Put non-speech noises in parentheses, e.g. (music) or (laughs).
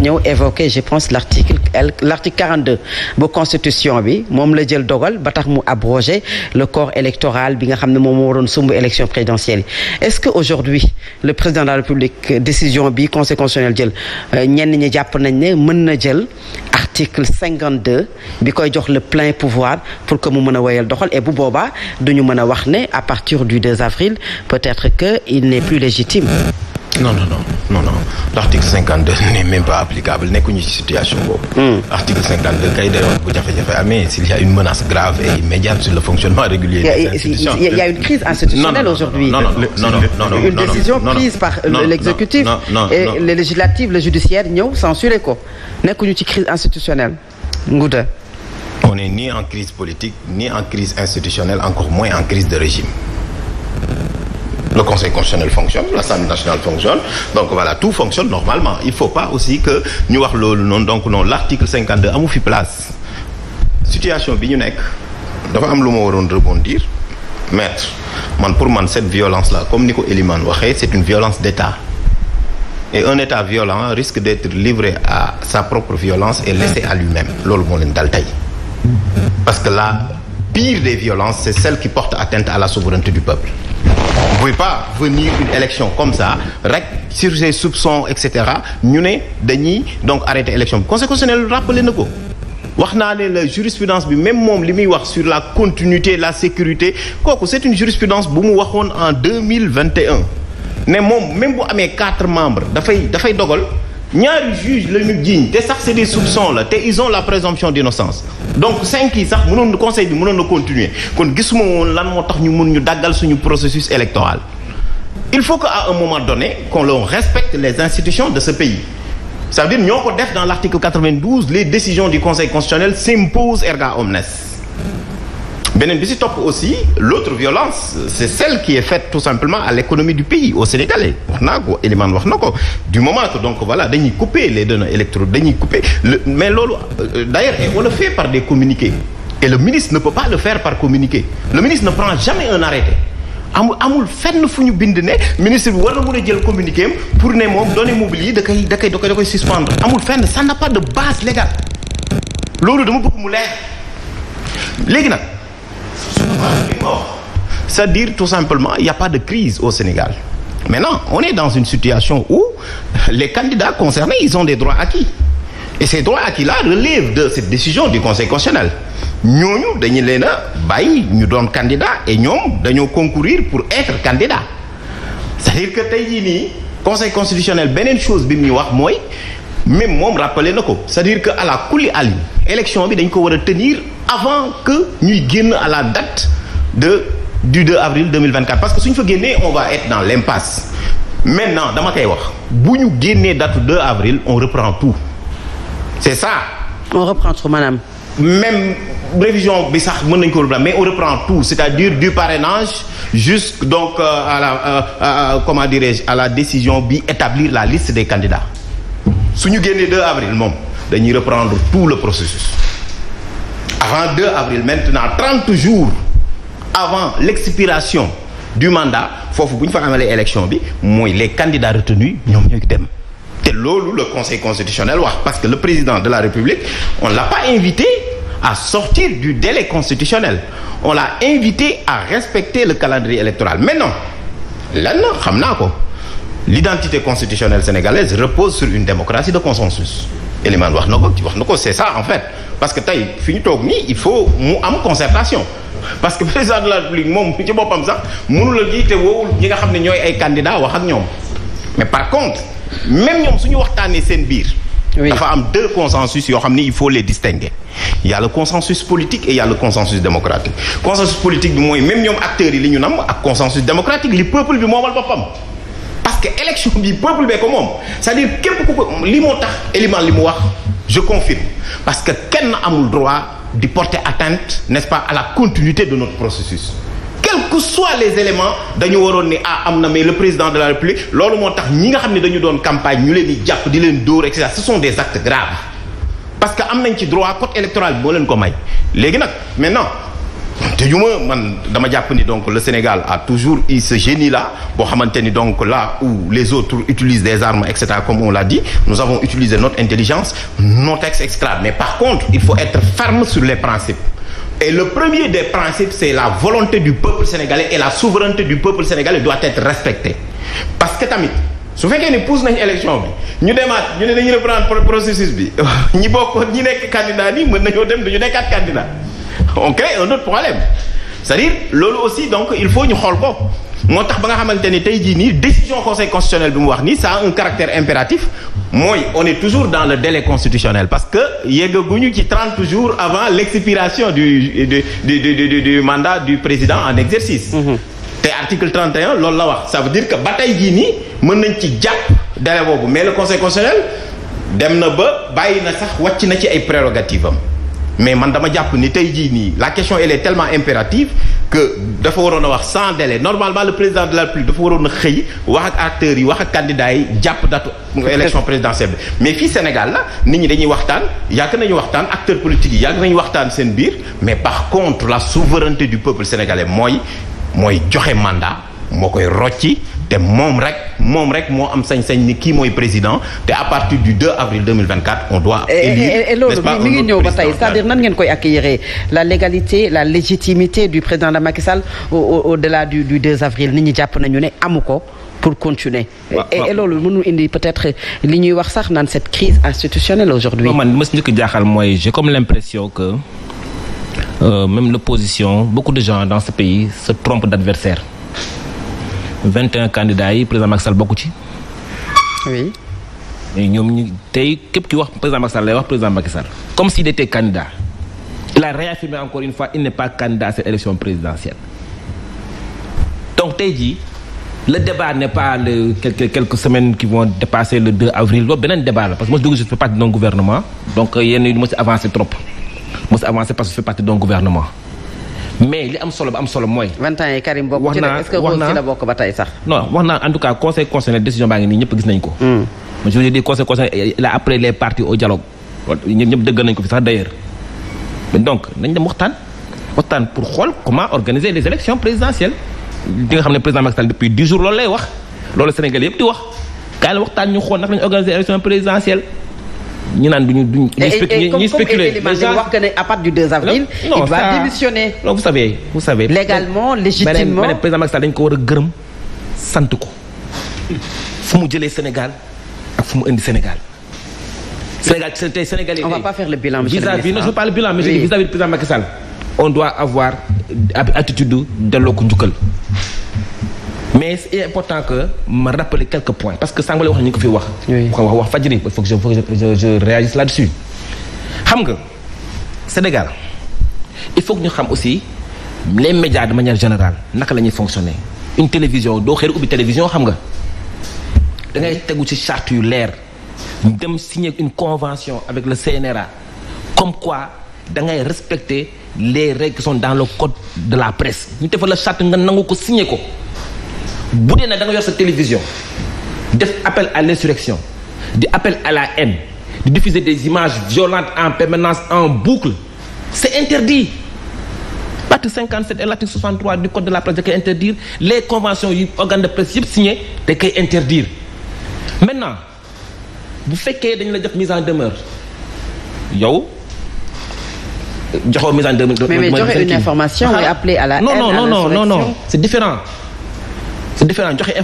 ñëw évoqué je pense l'article l'article 42 bu constitution bi moom la jël dogal ba tax mu abrogé le corps électoral bi nga xam ne moom moo waroon sumb élection présidentielle est-ce que aujourd'hui le président de la république décision bi conseil constitutionnel jël ñenn ñi jàpp nañ ne mën na jël article 52 bi koy jox le plein pouvoir pour que mu mën a woyal doxal et bu boobaa ñu mën a wax ne à partir du 2 avril peut-être que il n'est plus légitime non non non non non l'article 52 n'est même pas applicable ne ci situation boobu. article 52 kay day wax bu jafe-jafe amee s'il y a une menace grave et immédiate sur le fonctionnement régulier des décision prise par euh, l'exécutif et les législatives le judiciaire ñëw censuré ko nekkuñu ci crise institutionnelle Ngouda on n'est ni en crise politique ni en crise institutionnelle encore moins en crise de régime le conseil constitutionnel fonctionne l'assemblée nationale fonctionne donc voilà tout fonctionne normalement il faut pas aussi que ñu wax loolu noonu donc non l'article 52 amu fi place situation bi ñu nekk dafa am lu ma waroon rebondir mais man pour man cette violence là comme ni ko Elimane waxee c'est une violence d'État et un État violent risque d'être livré à sa propre violence et laissé à lui-même loolu moo leen dal tey parce que la pire des violences c'est celle qui porte atteinte à la souveraineté du peuple vous pouvez pas venir une élection comme ça rek sur ces soupçons et cetera ñu ne dañuy donc arrêter élection bi conseil constitutionnel rappelé na ko wax naa ne la jurisprudence bi même moom li muy wax sur la continuité la sécurité kooku c'est une jurisprudence bu mu waxoon en deux mille vingt et ne moom même bu amee quatre membres dafay dafay dogal ñaari juge la ñu jiiñ te sax c'est des soupçons la te ils ont la présomption d'innocence donc cinq yi sax mënoon conseil bi mënoon na continuer kon gisuma woon lan moo tax ñu mun ñu daggal suñu processus électoral il faut que à un moment donné qu'on respecte les institutions de ce pays ça veut dire ñoo ko def dans l'article 92 les décisions du conseil constitutionnel s'imposent erga omnes beneen bi ci topp aussi l'autre violence c'est celle qui est faite tout simplement à l'économie du pays aux Sénégalais wax wax na ko du moment que donc voilà dañuy couper les données électroniques dañuy couper mais loolu euh, d'ailleurs on le fait par des communiqués et le ministre ne peut pas le par communiqué le ministre ne prend jamais un amul amul fenn fu ñu bind ne ministre bi war na mën a jël communiqué am pour ne moom données mobiles yi da koy da koy da koy suspendre amul fenn ça n'a pas de base légale loolu dama bëgg mu leer léegi nag c'est-à-dire tout simplement il y a pas de crise au Sénégal maintenant on est dans une situation où les candidats concernés ils ont des droits acquis et ces droits acquis là relèvent de cette décision du Conseil constitutionnel ñooñu dañu leen a bàyyi ñu doon candidat et ñoom dañoo concourir pour être candidat cest dire que tey jii nii conseil constitutionnel beneen chose bi mu ñu wax mooy même moom rappelé na ko c'est-à-dire que à la kulli ali élection bi dañ ko war a tenir avant que ñuy génn à la date de du 2 avril 2024 parce que suñ fa génnee on va être dans l'impasse maintenant dama koy wax bu ñu génnee date 2 avril on reprend tout c'est ça. on reprend tout maanaam. même révision bi sax mën nañ ko reprendre mais on reprend tout c'est-à-dire du parrainage jusque donc euh, à la euh, comment dirais-je à la décision bi établir la liste des candidats su ñu génnee 2 avril moom dañuy reprendre tout le processus avant 2 avril maintenant 30 jours avant l'expiration du mandat foofu bu ñu fa amalee élection bi mooy les candidats retenus ñoom ñooy dem te loolu le conseil constitutionnel wax parce que le président de la république on l'a pas invité à sortir du délai constitutionnel on l'a invité à respecter le calendrier électoral maintenant lenn xam naa ko l'identité constitutionnelle sénégalaise repose sur une démocratie de consensus Elimane wax na ko wax na ko c'est ça en fait parce que tey fi ñu toog nii il faut mu am concertation parce que président de la République moom ci boppam sax mënu la jiite woowul ñi xam ne ñooy ay candidats wax ak ñoom mais par contre même ñoom suñu waxtaanee seen biir dafa am deux consensus yoo xam ni il faut les distinguer il y le consensus politique et il y a le consensus démocratique consensus politique bi mooy même ñoom acteurs yi li ñu nam ak consensus démocratique li peuple bi moomal boppam parce que élection bi peuple bee ko moom cest dire képp ku ko li moo tax élément li mu wax je confirme parce que kenn na amul droit di porter atteinte n'est-ce pas à la continuité de notre processus quels que soient les éléments dañu waroon ni ah am na mais le président de la république loolu moo tax ñi nga xam ne dañu doon campagne ñu leen di jàpp di leen dóor et cetera ce sont des actes graves parce que am nañ ci droit code électoral bi moo leen ko may léegi nag maintenant te ñu ma man dama jàpp ni donc le Sénégal a toujours eu ce génie là boo xamante ni donc là où les autres utilisent des armes et cetera comme on l'a dit nous avons utilisé notre intelligence nos textes et mais par contre il faut être ferme sur les principes Et le premier des principes, c'est la volonté du peuple sénégalais et la souveraineté du peuple sénégalais doit être respectée. Parce que tamit su fekkee ni pousse nañ élection bi ñu demaat ñu ne dañu reprendre processus bi (laughs) ñi bokkoon ñi nekk candidat nii mën nañoo dem du ñu nekkaat candidat (laughs) on crée un autre problème c'est-à-dire loolu aussi donc il faut ñu xool ko moo tax ba nga xamante ni tey jii nii décision conseil constitutionnel bi mu wax nii ça a un caractère impératif mooy on est toujours dans le délai constitutionnel parce que yeggaguñu ci trente jours avant l'expiration du du du du du du mandat du président en exercice. Mhm. te article 31 loolu la wax ça veut dire que ba tey jii nii mën nañ ci jàpp délai boobu mais le conseil constitutionnel dem na ba bàyyi na sax wàcc na ci ay prérogatives am. mais man dama jàpp ni tey jii nii la question elle tellement impérative que dafa waroon a wax sans délai normalement le président de la République dafa waroon a xëy wax ak acteurs yi wax ak candidats yi jàpp datu élection présidentielle bi mais fii Sénégal la nit ñi dañuy waxtaan yàgg nañu waxtaan acteurs politiques yi yàgg nañu waxtaan seen biir mais par contre la souveraineté du peuple sénégalais mooy mooy joxe mandat moo koy rocci te moom rek moom rek moo am sañ-sañ ni kii mooy président te à partir du 2 avril 2024 on doit élire et loolu mi ngi ñëw ba tey c'est-à-dire nan ngeen koy accueillir la légalité la légitimité du président de Macky Sall au-delà du du 2 avril nit ñi jàpp nañu ne amu ko pour continuer et loolu mënul indi peut-être li ñuy wax sax naan cette crise institutionnelle aujourd'hui man mas njëkk jaaxal mooy j'ai comme l'impression que euh, même l'opposition beaucoup de gens dans ce pays se trompent d'adversaire vingt et un candidats yi président Macky Sall bokk ci. oui. ñoom ñu tey képp ki wax président Macky Sall lay wax président Macky comme s'il était candidat la a réaffirmé encore une fois il n'est pas candidat à cette élection présidentielle donc tey jii le débat n'est pas le quelques quelques semaines qui vont dépasser le 2 avril loolu beneen débat la parce que moi je fais partie d'un gouvernement donc yenn yi mos a avancé trop mos a avancé parce que je fais partie d'un gouvernement. mais li am solo ba am solo mooy. vingt ans yi Karim bokk wax naa en tout cas conseil constitutionnel décision baa ngi nii ñëpp gis nañ ko. Hmm. je veux dire conseil constitutionnel il a appelé les partis au dialogue ñëpp ñëpp dëgg nañ ko fi sax d'ailleurs donc nañ dem waxtaan waxtaan pour xool comment organiser les élections présidentielles di nga xam ne président Macky depuis dix jours loolu lay wax loolu Sénégal yëpp di wax kaay la waxtaan ñu xool naka lañu organiser élection présidentielle. ñu naan du ñu spéculer comme comme wax que ne à partir du 2 avril. non il va démissionner. non vous savez vous savez. légalement légitimement président Macky dañ ko war a gërëm sant ko fu mu jëlee Sénégal ak fu mu indi Sénégal. Sénégal tey Sénégalais. on va pas faire le bilan monsieur le ministre vis-à-vis non je parle bilan monsieur vis-à-vis président Macky Sall on doit avoir attitude delloo ko njukkal. mais il est important que ma rappeler quelques points parce que sàngale wax ñu ko fi wax. ko wax wax fajri il faut que je je je xam nga Sénégal il faut ñu xam aussi les médias de manière générale naka la ñuy fonctionner une télévision doo xëy ubbi télévision xam nga da ngay tegu ci charte yu leer ñu dem signer une convention avec le CNRA comme quoi da ngay respecter les règles qui dans le code de la presse ñu defal la charte nga nangu ko signer ko. bu dee nag da nga yor sa télévision def appel à l'insurrection di appel à la haine di diffuser des images violentes en permanence en boucle c'est interdit l'article 57 et l'article 63 du code de la presse da koy interdire les conventions yu organe de presse yëpp signé da koy interdire maintenant bu fekkee dañ la jox mise en demeure yow joxoo mise en demeure. mais mais joxe une information ah, ah. et appeler à la haine, à l'insurrection non c'est différent. defe naa joxe